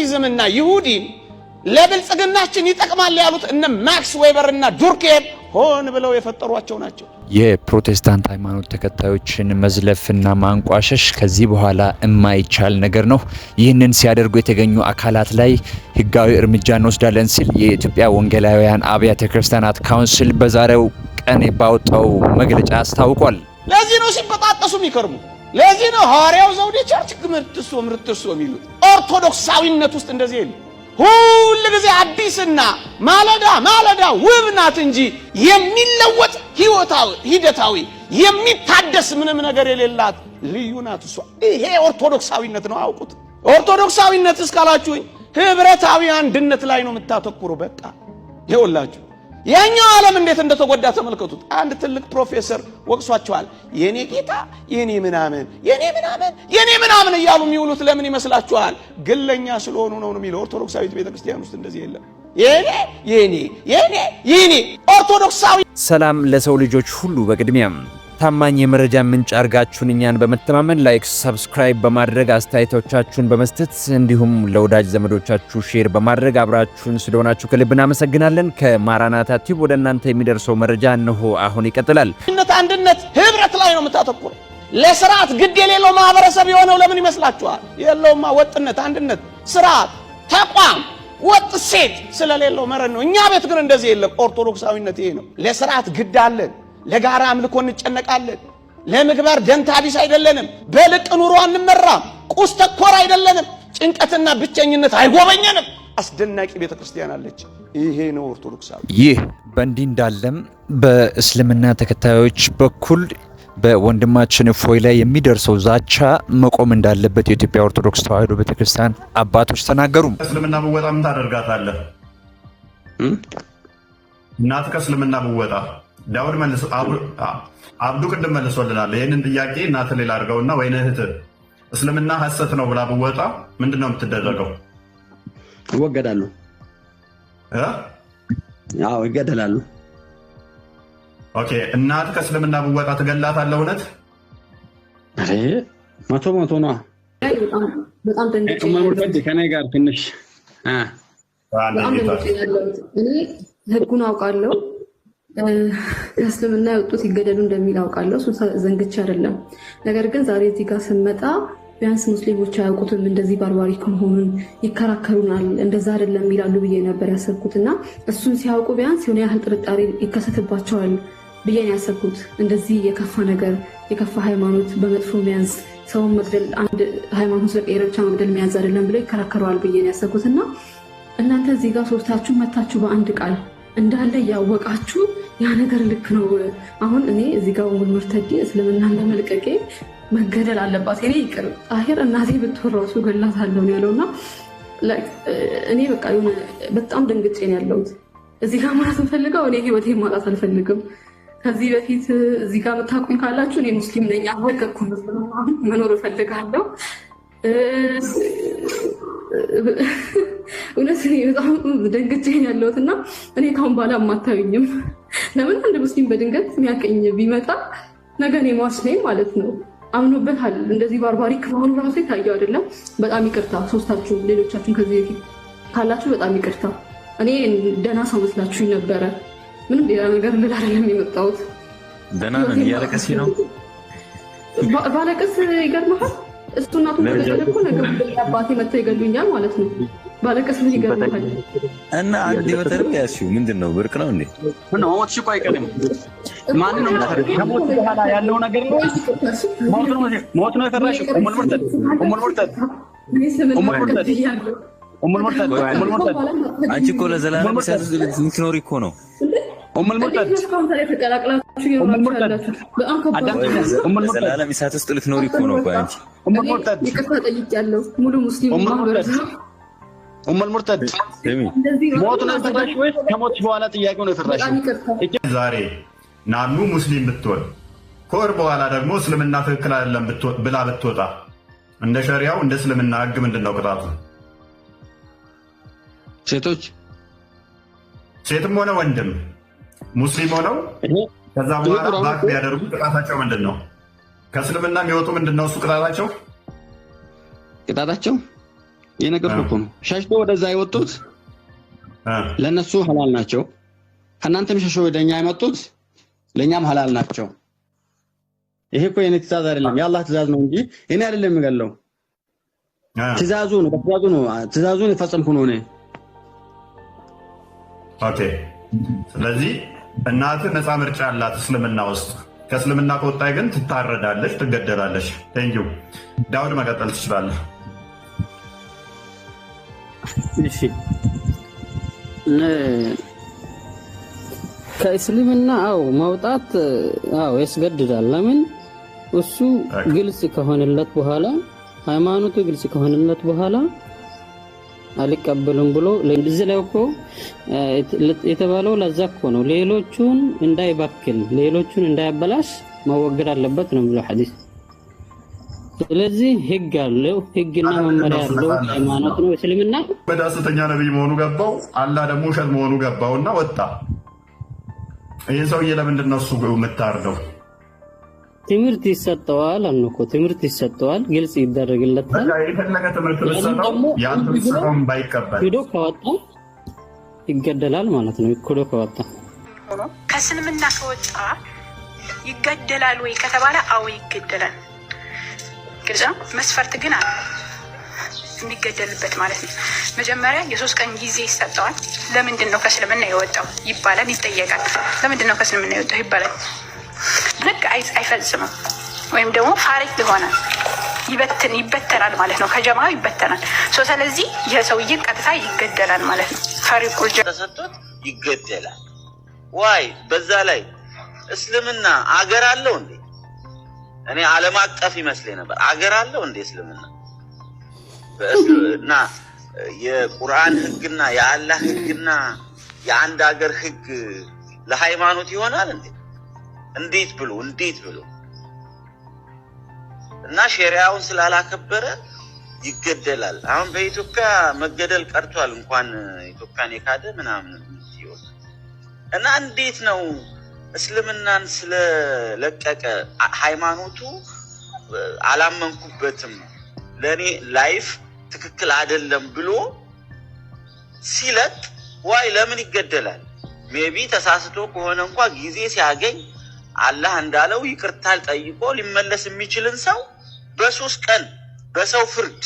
ማርክሲዝምና ይሁዲን ለብልጽግናችን ይጠቅማል ያሉት እነ ማክስ እና ዱርኬም ሆን ብለው የፈጠሯቸው ናቸው። የፕሮቴስታንት ሃይማኖት ተከታዮችን መዝለፍና ማንቋሸሽ ከዚህ በኋላ የማይቻል ነገር ነው። ይህንን ሲያደርጉ የተገኙ አካላት ላይ ህጋዊ እርምጃ እንወስዳለን ሲል የኢትዮጵያ ወንጌላውያን አብያተ ክርስቲያናት ካውንስል በዛሬው ቀን ባወጣው መግለጫ አስታውቋል። ለዚህ ነው ሲበጣጠሱ የሚከርሙ ለዚህ ነው ሐዋርያው ዘውዴ ቸርች ምርትሶ ምርትሶ የሚሉት። ኦርቶዶክሳዊነት ውስጥ እንደዚህ የለ። ሁል ጊዜ አዲስና ማለዳ ማለዳ ውብ ናት እንጂ የሚለወጥ ህይወታዊ ሂደታዊ የሚታደስ ምንም ነገር የሌላት ልዩ ናት እሷ። ይሄ ኦርቶዶክሳዊነት ነው። አውቁት። ኦርቶዶክሳዊነት እስካላችሁኝ ህብረታዊ አንድነት ላይ ነው የምታተኩሩ። በቃ ይኸውላችሁ ያኛው ዓለም እንዴት እንደተጎዳ ተመልከቱት። አንድ ትልቅ ፕሮፌሰር ወቅሷቸዋል። የኔ ጌታ የኔ ምናምን የኔ ምናምን የኔ ምናምን እያሉ የሚውሉት ለምን ይመስላችኋል? ግለኛ ስለሆኑ ነው የሚለው። ኦርቶዶክሳዊት ቤተክርስቲያን ውስጥ እንደዚህ የለም። የኔ የኔ የኔ የኔ ኦርቶዶክሳዊ ሰላም ለሰው ልጆች ሁሉ በቅድሚያም ታማኝ የመረጃ ምንጭ አድርጋችሁን እኛን በመተማመን ላይክ፣ ሰብስክራይብ በማድረግ አስተያየቶቻችሁን በመስጠት እንዲሁም ለወዳጅ ዘመዶቻችሁ ሼር በማድረግ አብራችሁን ስለሆናችሁ ከልብ እናመሰግናለን። ከማራናታ ቲዩብ ወደ እናንተ የሚደርሰው መረጃ እነሆ አሁን ይቀጥላል። አንድነት ህብረት ላይ ነው የምታተኩረው። ለስርዓት ግድ የሌለው ማህበረሰብ የሆነው ለምን ይመስላችኋል? የለውማ ወጥነት፣ አንድነት፣ ስርዓት፣ ተቋም ወጥ ሴት ስለሌለው መረን ነው። እኛ ቤት ግን እንደዚህ የለም። ኦርቶዶክሳዊነት ይሄ ነው። ለስርዓት ግድ አለን ለጋራ አምልኮ እንጨነቃለን። ለምግባር ደንታ አዲስ አይደለንም። በልቅ ኑሮ አንመራም። ቁስ ተኮር አይደለንም። ጭንቀትና ብቸኝነት አይጎበኘንም። አስደናቂ ቤተ ክርስቲያን አለች። ይሄ ነው ኦርቶዶክሳዊ። ይህ በእንዲህ እንዳለም በእስልምና ተከታዮች በኩል በወንድማችን እፎይ ላይ የሚደርሰው ዛቻ መቆም እንዳለበት የኢትዮጵያ ኦርቶዶክስ ተዋሕዶ ቤተክርስቲያን አባቶች ተናገሩ። እስልምና ብወጣ ምን ታደርጋታለህ? እናት ከእስልምና ብወጣ ዳውድ መልሶ አብዱ ቅድም መልሶልናል። ይህንን ጥያቄ እናት ሌላ አድርገውና ወይ እህት እስልምና ሀሰት ነው ብላ ብወጣ ምንድን ነው የምትደረገው? ይወገዳሉ። አዎ ይገደላሉ። ኦኬ እናት ከእስልምና ብወጣ ትገላታለህ? እውነት መቶ መቶ ነዋ። ጋር ትንሽ እኔ ህጉን አውቃለሁ ከእስልምና የወጡት ይገደሉ እንደሚል አውቃለሁ። እሱ ዘንግቼ አይደለም። ነገር ግን ዛሬ እዚህ ጋር ስመጣ ቢያንስ ሙስሊሞች አያውቁትም እንደዚህ ባርባሪክ መሆኑን ይከራከሩናል፣ እንደዛ አይደለም ይላሉ ብዬ ነበር ያሰብኩት እና እሱን ሲያውቁ ቢያንስ የሆነ ያህል ጥርጣሬ ይከሰትባቸዋል ብዬ ነው ያሰብኩት። እንደዚህ የከፋ ነገር የከፋ ሃይማኖት በመጥፎ መያዝ ሰውን መግደል አንድ ሃይማኖት ስለቀየረ ብቻ መግደል መያዝ አይደለም ብለው ይከራከረዋል ብዬ ነው ያሰብኩት እና እናንተ እዚህ ጋር ሶስታችሁ መታችሁ በአንድ ቃል እንዳለ እያወቃችሁ ያ ነገር ልክ ነው። አሁን እኔ እዚህ ጋር ወንጉድ መርተጌ እስልምናን ለመልቀቄ መገደል አለባት። እኔ ይቅር ጣሄር እናቴ ብትሆን ራሱ ገላታለሁ ያለው እና እኔ በቃ የሆነ በጣም ደንግጬ ነው ያለሁት። እዚህ ጋር ማለት እንፈልገው እኔ ህይወቴ ማጣት አልፈልግም። ከዚህ በፊት እዚህ ጋር የምታውቁኝ ካላችሁ እኔ ሙስሊም ነኝ፣ አልወገኩም መኖር እፈልጋለሁ እውነት በጣም ደንግጬ ያለሁት እና እኔ ካሁን በኋላ የማታዩኝም። ለምን አንድ ሙስሊም በድንገት የሚያቀኝ ቢመጣ ነገ እኔ ማስለኝ ማለት ነው። አምኖበታል። እንደዚህ ባርባሪ መሆኑ ራሱ የታየው አይደለም። በጣም ይቅርታ ሶስታችሁ፣ ሌሎቻችሁን ከዚህ በፊት ካላችሁ በጣም ይቅርታ። እኔ ደህና ሰው መስላችሁኝ ነበረ። ምንም ሌላ ነገር ልል አይደለም የመጣሁት። ደህና ነን። እያለቀሲ ነው ባለቅስ ይገርመሃል እሱ እናቱ ተገደለኮ ነገር አባቴ መጥተው ይገሉኛል ማለት ነው። ባለቀስ እና አንድ በተር ያሲ ምንድን ነው ብርቅ ነው እንዴ? አይቀርም። ማን ነው ከሞት በኋላ ያለው ነገር ሞት ነው የፈራሽ አንቺ እኮ ለዘላለም እኮ ነው። ዘላለም እሳት ውስጥ ልትኖሪ እኮ ነው አንቺ ጠይቄያለሁ። ኡመል ሙርተድ ወይስ በኋላ ጥያቄው ነው የፈራሽ? ዛሬ ናኑ ሙስሊም ብትሆን ከወር በኋላ ደግሞ እስልምና ትክክል አይደለም ብላ ብትወጣ እንደ ሸሪያው እንደ እስልምና ህግ ምንድን ነው ቅጣቱ? ሴቶች ሴትም ሆነ ወንድም ሙስሊም ሆነው ከዛ በኋላ ባክ ቢያደርጉ ጥቃታቸው ምንድን ነው? ከእስልምና የሚወጡ ምንድን ነው እሱ ቅጣታቸው ቅጣታቸው የነገር እኮ ነው። ሸሽቶ ወደዛ የወጡት ለእነሱ ሀላል ናቸው። ከእናንተም ሸሾ ወደኛ የመጡት ለእኛም ሀላል ናቸው። ይሄ እኮ የኔ ትእዛዝ አይደለም፣ የአላህ ትእዛዝ ነው እንጂ እኔ አይደለም የሚገለው። ትእዛዙ ነው፣ በትእዛዙ ነው፣ ትእዛዙን የፈጸምኩ ነው እኔ። ኦኬ። ስለዚህ እናትህ ነፃ ምርጫ አላት እስልምና ውስጥ ከእስልምና ከወጣይ ግን ትታረዳለች፣ ትገደላለች። ቴንክ ዳውድ መቀጠል ትችላለህ። ከእስልምና አው መውጣት አው ያስገድዳል። ለምን እሱ ግልጽ ከሆነለት በኋላ ሃይማኖቱ ግልጽ ከሆነለት በኋላ አልቀበልም ብሎ እዚህ ላይ እኮ የተባለው ለዛ እኮ ነው። ሌሎቹን እንዳይባክል ሌሎቹን እንዳያበላሽ መወገድ አለበት ነው ብሎ ሐዲስ። ስለዚህ ህግ አለው፣ ህግና መመሪያ አለው። ሃይማኖት ነው እስልምና። በዳስተኛ ነቢይ መሆኑ ገባው፣ አላህ ደግሞ ውሸት መሆኑ ገባውና ወጣ። ይህን ሰውዬ ለምንድን ነው እሱ የምታርደው? ትምህርት ይሰጠዋል። አሁን እኮ ትምህርት ይሰጠዋል፣ ግልጽ ይደረግለታል። ከወጣ ይገደላል ማለት ነው። ክዶ ከወጣ ከእስልምና ከወጣ ይገደላል ወይ ከተባለ አዎ ይገደላል። ግልጽ ነው። መስፈርት ግን አለ የሚገደልበት ማለት ነው። መጀመሪያ የሶስት ቀን ጊዜ ይሰጠዋል። ለምንድን ነው ከእስልምና የወጣው ይባላል፣ ይጠየቃል። ለምንድን ነው ከእስልምና የወጣው ይባላል። ልክ አይፈጽምም ወይም ደግሞ ፋሪክ የሆነ ይበትን ይበተናል ማለት ነው። ከጀማው ይበተናል። ስለዚህ የሰውዬ ቀጥታ ይገደላል ማለት ነው። ፈሪቁ ተሰጥቶት ይገደላል። ዋይ በዛ ላይ እስልምና አገር አለው እንዴ? እኔ ዓለም አቀፍ ይመስለኝ ነበር። አገር አለው እንዴ እስልምና? እና የቁርአን ህግና የአላህ ህግና የአንድ ሀገር ህግ ለሃይማኖት ይሆናል እንዴ? እንዴት ብሎ እንዴት ብሎ እና ሸሪያውን ስላላከበረ ይገደላል። አሁን በኢትዮጵያ መገደል ቀርቷል። እንኳን ኢትዮጵያን የካደ ምናምን እና እንዴት ነው እስልምናን ስለለቀቀ ሃይማኖቱ አላመንኩበትም፣ ለእኔ ላይፍ ትክክል አይደለም ብሎ ሲለቅ ዋይ ለምን ይገደላል? ሜቢ ተሳስቶ ከሆነ እንኳ ጊዜ ሲያገኝ አላህ እንዳለው ይቅርታል ጠይቆ ሊመለስ የሚችልን ሰው በሶስት ቀን በሰው ፍርድ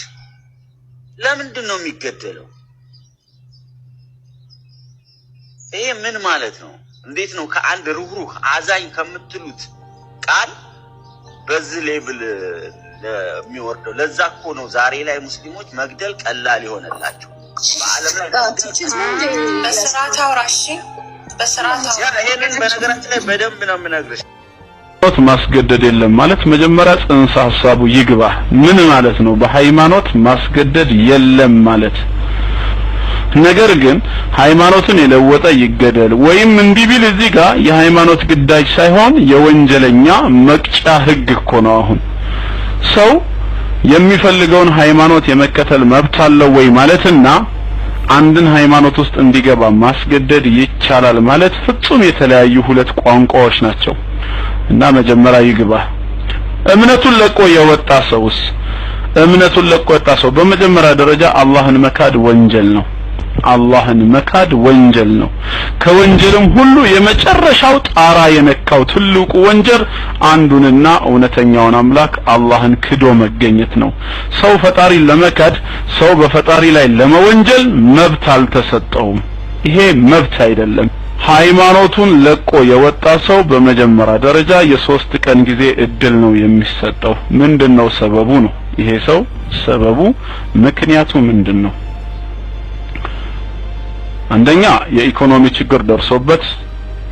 ለምንድን ነው የሚገደለው? ይሄ ምን ማለት ነው? እንዴት ነው ከአንድ ሩህሩህ አዛኝ ከምትሉት ቃል በዚህ ሌብል የሚወርደው? ለዛ እኮ ነው ዛሬ ላይ ሙስሊሞች መግደል ቀላል የሆነላቸው በዓለም ላይ ይሄንን በነገራችን ላይ በደንብ ነው የምነግርሽ። ማስገደድ የለም ማለት መጀመሪያ ጽንሰ ሐሳቡ ይግባ። ምን ማለት ነው? በሃይማኖት ማስገደድ የለም ማለት ነገር ግን ሃይማኖትን የለወጠ ይገደል ወይም እምቢ ቢል እዚህ ጋር የሃይማኖት ግዳጅ ሳይሆን የወንጀለኛ መቅጫ ህግ እኮ ነው። አሁን ሰው የሚፈልገውን ሃይማኖት የመከተል መብት አለው ወይ ማለትና አንድን ሃይማኖት ውስጥ እንዲገባ ማስገደድ ይቻላል ማለት ፍጹም የተለያዩ ሁለት ቋንቋዎች ናቸው እና መጀመሪያ ይግባ እምነቱን ለቆ የወጣ ሰውስ እምነቱን ለቆ የወጣ ሰው በመጀመሪያ ደረጃ አላህን መካድ ወንጀል ነው አላህን መካድ ወንጀል ነው። ከወንጀልም ሁሉ የመጨረሻው ጣራ የነካው ትልቁ ወንጀል አንዱንና እውነተኛውን አምላክ አላህን ክዶ መገኘት ነው። ሰው ፈጣሪ ለመካድ ሰው በፈጣሪ ላይ ለመወንጀል መብት አልተሰጠውም። ይሄ መብት አይደለም። ሃይማኖቱን ለቆ የወጣ ሰው በመጀመሪያ ደረጃ የሶስት ቀን ጊዜ እድል ነው የሚሰጠው። ምንድነው ሰበቡ ነው ይሄ ሰው ሰበቡ ምክንያቱ ምንድነው? አንደኛ የኢኮኖሚ ችግር ደርሶበት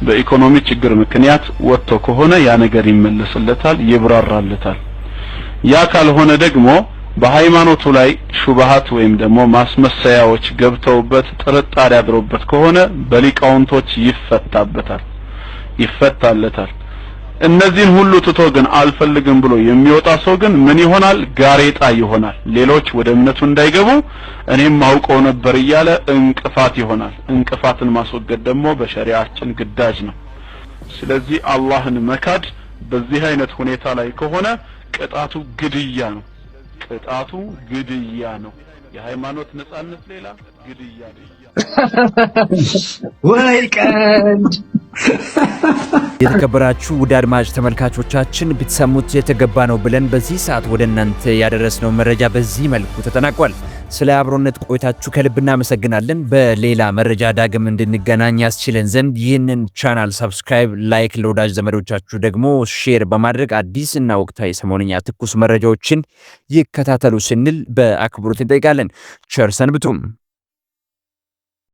በኢኮኖሚ ችግር ምክንያት ወጥቶ ከሆነ ያ ነገር ይመለስለታል፣ ይብራራለታል። ያ ካልሆነ ደግሞ በሃይማኖቱ ላይ ሹባሃት ወይም ደግሞ ማስመሰያዎች ገብተውበት ጥርጣሬ አድሮበት ከሆነ በሊቃውንቶች ይፈታበታል፣ ይፈታለታል። እነዚህን ሁሉ ትቶ ግን አልፈልግም ብሎ የሚወጣ ሰው ግን ምን ይሆናል? ጋሬጣ ይሆናል። ሌሎች ወደ እምነቱ እንዳይገቡ እኔም አውቀው ነበር እያለ እንቅፋት ይሆናል። እንቅፋትን ማስወገድ ደግሞ በሸሪዓችን ግዳጅ ነው። ስለዚህ አላህን መካድ በዚህ አይነት ሁኔታ ላይ ከሆነ ቅጣቱ ግድያ ነው። ቅጣቱ ግድያ ነው። የሃይማኖት ነጻነት ሌላ ግድያ ነው። ወይ ቀንድ የተከበራችሁ ውድ አድማጭ ተመልካቾቻችን ብትሰሙት የተገባ ነው ብለን በዚህ ሰዓት ወደ እናንተ ያደረስነው መረጃ በዚህ መልኩ ተጠናቋል። ስለ አብሮነት ቆይታችሁ ከልብ እናመሰግናለን። በሌላ መረጃ ዳግም እንድንገናኝ ያስችለን ዘንድ ይህንን ቻናል ሰብስክራይብ፣ ላይክ፣ ለወዳጅ ዘመዶቻችሁ ደግሞ ሼር በማድረግ አዲስ እና ወቅታዊ ሰሞንኛ ትኩስ መረጃዎችን ይከታተሉ ስንል በአክብሮት እንጠይቃለን። ቸር ሰንብቱም።